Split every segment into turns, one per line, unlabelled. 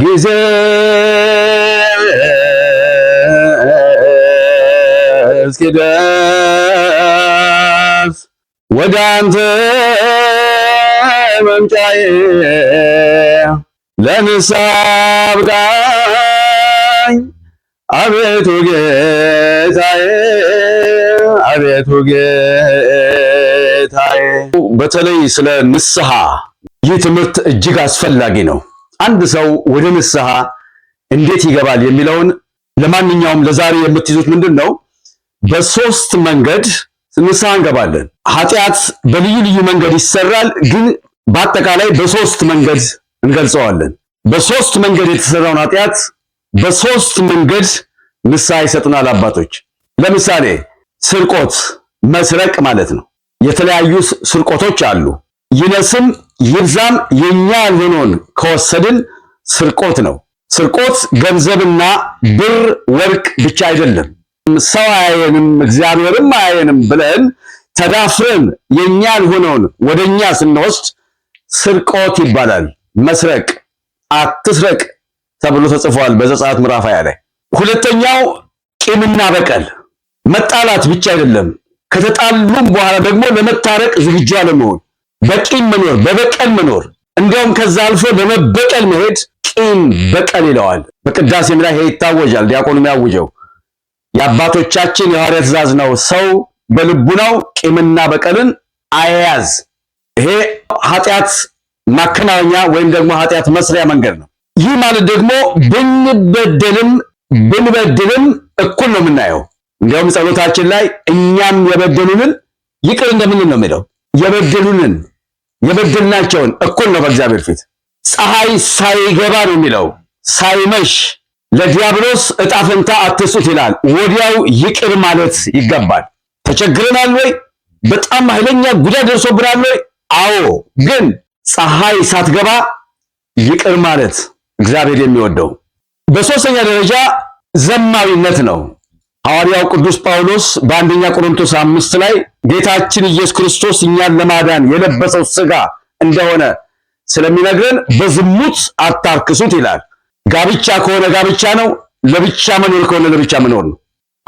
ጊዜ እስኪደርስ ወደ አንተ መምጫዬ ለንስሐ አቤቱ ጌታዬ አቤቱ ጌታዬ።
በተለይ ስለ ንስሐ ይህ ትምህርት እጅግ አስፈላጊ ነው። አንድ ሰው ወደ ንስሐ እንዴት ይገባል የሚለውን ለማንኛውም ለዛሬ የምትይዙት ምንድን ነው? በሶስት መንገድ ንስሐ እንገባለን። ኃጢአት በልዩ ልዩ መንገድ ይሰራል፣ ግን በአጠቃላይ በሶስት መንገድ እንገልጸዋለን። በሶስት መንገድ የተሰራውን ኃጢአት በሶስት መንገድ ንስሐ ይሰጡናል አባቶች። ለምሳሌ ስርቆት፣ መስረቅ ማለት ነው። የተለያዩ ስርቆቶች አሉ። ይነስም ይብዛም የኛ ያልሆነውን ከወሰድን ስርቆት ነው። ስርቆት ገንዘብና ብር ወርቅ ብቻ አይደለም። ሰው አያየንም እግዚአብሔርም አያየንም ብለን ተዳፍረን የኛ ያልሆነውን ወደኛ ስንወስድ ስርቆት ይባላል። መስረቅ አትስረቅ ተብሎ ተጽፏል በዘጸአት ምዕራፍ ሃያ ላይ። ሁለተኛው ቂምና በቀል መጣላት ብቻ አይደለም፣ ከተጣሉም በኋላ ደግሞ ለመታረቅ ዝግጁ አለመሆን በቂም መኖር፣ በበቀል መኖር እንዲያውም ከዛ አልፎ በመበቀል መሄድ ቂም በቀል ይለዋል። በቅዳሴ ላይ ይሄ ይታወጃል። ዲያቆኑ የሚያውጀው የአባቶቻችን የሐዋርያ ትእዛዝ ነው። ሰው በልቡናው ቂምና በቀልን አያያዝ። ይሄ ኃጢአት ማከናወኛ ወይም ደግሞ ኃጢአት መስሪያ መንገድ ነው። ይህ ማለት ደግሞ ብንበደልም ብንበድልም እኩል ነው የምናየው። እንዲያውም ጸሎታችን ላይ እኛም የበደሉንን ይቅር እንደምንል ነው የሚለው። የበደሉንን የበደልናቸውን እኩል ነው በእግዚአብሔር ፊት። ፀሐይ ሳይገባ ነው የሚለው ሳይመሽ ለዲያብሎስ ዕጣ ፈንታ አትስጡት ይላል። ወዲያው ይቅር ማለት ይገባል። ተቸግረናል ወይ? በጣም ኃይለኛ ጉዳት ደርሶብናል ወይ? አዎ። ግን ፀሐይ ሳትገባ ይቅር ማለት እግዚአብሔር የሚወደው። በሶስተኛ ደረጃ ዘማዊነት ነው። ሐዋርያው ቅዱስ ጳውሎስ በአንደኛ ቆሮንቶስ አምስት ላይ ጌታችን ኢየሱስ ክርስቶስ እኛን ለማዳን የለበሰው ስጋ እንደሆነ ስለሚነግረን በዝሙት አታርክሱት ይላል። ጋብቻ ከሆነ ጋብቻ ነው፣ ለብቻ መኖር ከሆነ ለብቻ መኖር ነው።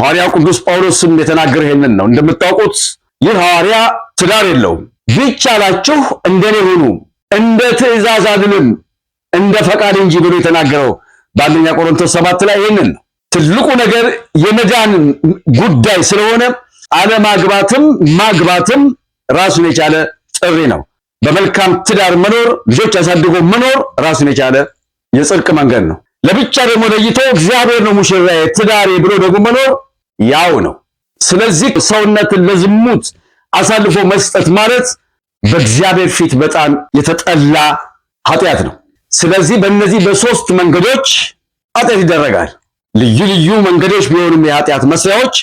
ሐዋርያው ቅዱስ ጳውሎስም የተናገረ ይሄንን ነው። እንደምታውቁት ይህ ሐዋርያ ትዳር የለውም። ቢቻላችሁ እንደኔ ሁኑ፣ እንደ ትእዛዝ አይደለም እንደ ፈቃድ እንጂ ብሎ የተናገረው በአንደኛ ቆሮንቶስ ሰባት ላይ ይሄንን ነው። ትልቁ ነገር የመዳን ጉዳይ ስለሆነ አለማግባትም ማግባትም ራሱን የቻለ ጥሪ ነው። በመልካም ትዳር መኖር፣ ልጆች አሳድጎ መኖር ራሱን የቻለ የጽድቅ መንገድ ነው። ለብቻ ደግሞ ለይቶ እግዚአብሔር ነው ሙሽራዬ ትዳሬ ብሎ ደግሞ መኖር ያው ነው። ስለዚህ ሰውነትን ለዝሙት አሳልፎ መስጠት ማለት በእግዚአብሔር ፊት በጣም የተጠላ ኃጢአት ነው። ስለዚህ በእነዚህ በሶስት መንገዶች ኃጢአት ይደረጋል። ልዩ ልዩ መንገዶች ቢሆኑም የኃጢአት መስሪያዎች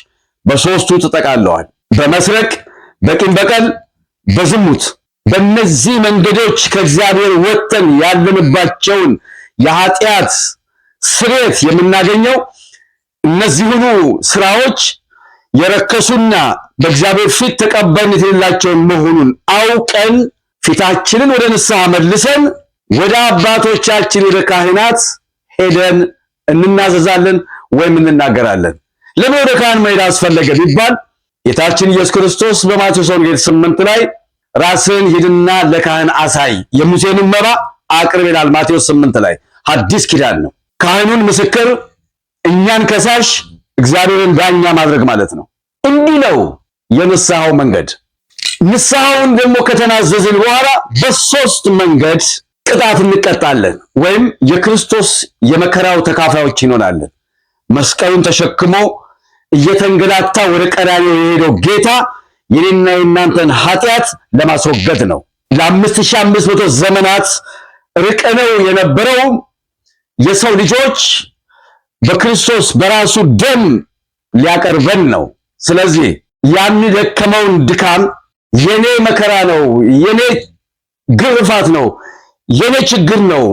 በሶስቱ ተጠቃለዋል። በመስረቅ፣ በቂም በቀል፣ በዝሙት። በእነዚህ መንገዶች ከእግዚአብሔር ወጥተን ያለንባቸውን የኃጢአት ስሬት የምናገኘው እነዚህ ሁሉ ስራዎች የረከሱና በእግዚአብሔር ፊት ተቀባይነት የሌላቸውን መሆኑን አውቀን ፊታችንን ወደ ንስሐ መልሰን ወደ አባቶቻችን ወደ ካህናት ሄደን እንናዘዛለን ወይም እንናገራለን። ለምን ወደ ካህን መሄድ አስፈለገ ቢባል ጌታችን ኢየሱስ ክርስቶስ በማቴዎስ ወንጌል ስምንት ላይ ራስን ሂድና ለካህን አሳይ የሙሴንም መባ አቅርብ ይላል። ማቴዎስ ስምንት ላይ ሐዲስ ኪዳን ነው። ካህኑን ምስክር፣ እኛን ከሳሽ፣ እግዚአብሔርን ዳኛ ማድረግ ማለት ነው። እንዲህ ነው የንስሐው መንገድ። ንስሐውን ደግሞ ከተናዘዝን በኋላ በሶስት መንገድ ቅጣት እንቀጣለን ወይም የክርስቶስ የመከራው ተካፋዮች እንሆናለን። መስቀሉን ተሸክሞ እየተንገላታ ወደ ቀራንዮ የሄደው ጌታ የኔና የእናንተን ኃጢአት ለማስወገድ ነው። ለ ለ5500 ዘመናት ርቀነው የነበረው የሰው ልጆች በክርስቶስ በራሱ ደም ሊያቀርበን ነው። ስለዚህ ያን ደከመውን ድካም የኔ መከራ ነው፣ የኔ ግርፋት ነው የኔ ችግር ነው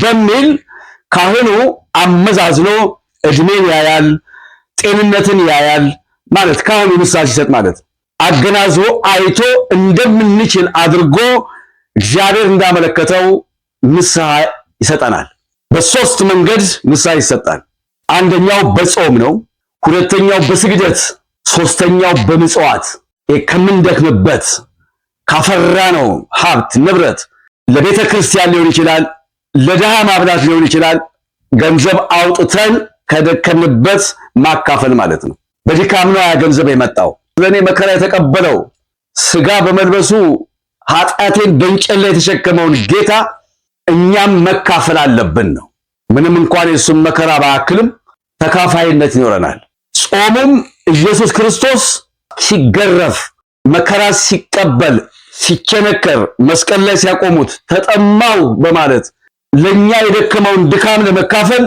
በሚል ካህኑ አመዛዝኖ እድሜን ያያል፣ ጤንነትን ያያል ማለት ካህኑ ምሳሌ ሲሰጥ ማለት አገናዝቦ አይቶ እንደምንችል አድርጎ እግዚአብሔር እንዳመለከተው ንስሐ ይሰጠናል። በሶስት መንገድ ንስሐ ይሰጣል። አንደኛው በጾም ነው፣ ሁለተኛው በስግደት፣ ሶስተኛው በምጽዋት ከምንደክምበት ካፈራ ነው ሀብት ንብረት ለቤተ ክርስቲያን ሊሆን ይችላል፣ ለድሃ ማብላት ሊሆን ይችላል። ገንዘብ አውጥተን ከደከምበት ማካፈል ማለት ነው። በድካም ነው ያ ገንዘብ የመጣው። ለእኔ መከራ የተቀበለው ስጋ በመልበሱ ኃጢአቴን በእንጨት ላይ የተሸከመውን ጌታ እኛም መካፈል አለብን ነው። ምንም እንኳን የእሱም መከራ ባያክልም ተካፋይነት ይኖረናል። ጾሙም ኢየሱስ ክርስቶስ ሲገረፍ መከራ ሲቀበል ሲቸነከር መስቀል ላይ ሲያቆሙት ተጠማው በማለት ለኛ የደከመውን ድካም ለመካፈል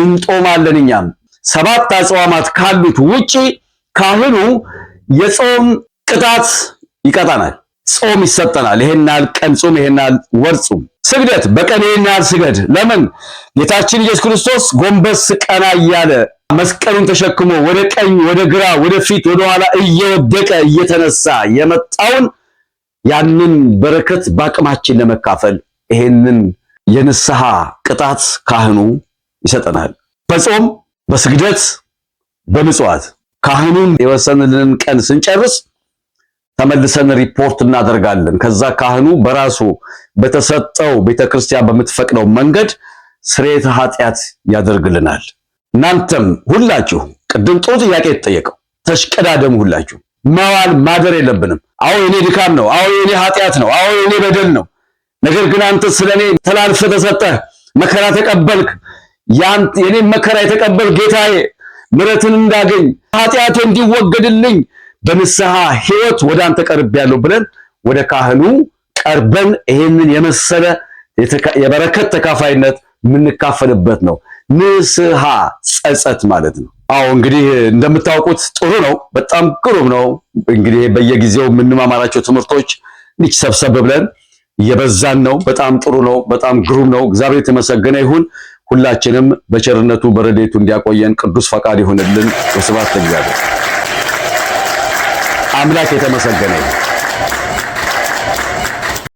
እንጦማለን። እኛም ሰባት አጽዋማት ካሉት ውጪ ካህኑ የጾም ቅጣት ይቀጣናል። ጾም ይሰጠናል። ይሄን ያህል ቀን ጾም፣ ይሄን ያህል ወር ጾም። ስግደት በቀን ይሄን ያህል ስገድ። ለምን ጌታችን ኢየሱስ ክርስቶስ ጎንበስ ቀና እያለ መስቀሉን ተሸክሞ ወደ ቀኝ፣ ወደ ግራ፣ ወደ ፊት፣ ወደ ኋላ እየወደቀ እየተነሳ የመጣውን ያንን በረከት በአቅማችን ለመካፈል ይሄንን የንስሐ ቅጣት ካህኑ ይሰጠናል። በጾም በስግደት በምጽዋት ካህኑን የወሰንልን ቀን ስንጨርስ ተመልሰን ሪፖርት እናደርጋለን። ከዛ ካህኑ በራሱ በተሰጠው ቤተክርስቲያን በምትፈቅደው መንገድ ስርየተ ኃጢአት ያደርግልናል። እናንተም ሁላችሁ ቅድም ጥሩ ጥያቄ የተጠየቀው ተሽቀዳደሙ ሁላችሁ መዋል ማደር የለብንም። አዎ የኔ ድካም ነው፣ አዎ የኔ ኃጢአት ነው፣ አዎ የኔ በደል ነው። ነገር ግን አንተ ስለ እኔ ተላልፈ ተሰጠህ፣ መከራ ተቀበልክ። የኔን መከራ የተቀበል ጌታዬ ምረትን እንዳገኝ ኃጢአቴ እንዲወገድልኝ በንስሐ ህይወት ወደ አንተ ያለው ብለን ወደ ካህኑ ቀርበን ይህንን የመሰለ የበረከት ተካፋይነት የምንካፈልበት ነው። ንስሐ ጸጸት ማለት ነው። አዎ እንግዲህ እንደምታውቁት ጥሩ ነው፣ በጣም ግሩም ነው። እንግዲህ በየጊዜው የምንማማራቸው ትምህርቶች ንች ሰብሰብ ብለን እየበዛን ነው። በጣም ጥሩ ነው፣ በጣም ግሩም ነው። እግዚአብሔር የተመሰገነ ይሁን። ሁላችንም በቸርነቱ በረዴቱ እንዲያቆየን ቅዱስ ፈቃድ ይሁንልን። ወስብሐት ለእግዚአብሔር። አምላክ የተመሰገነ ይሁን።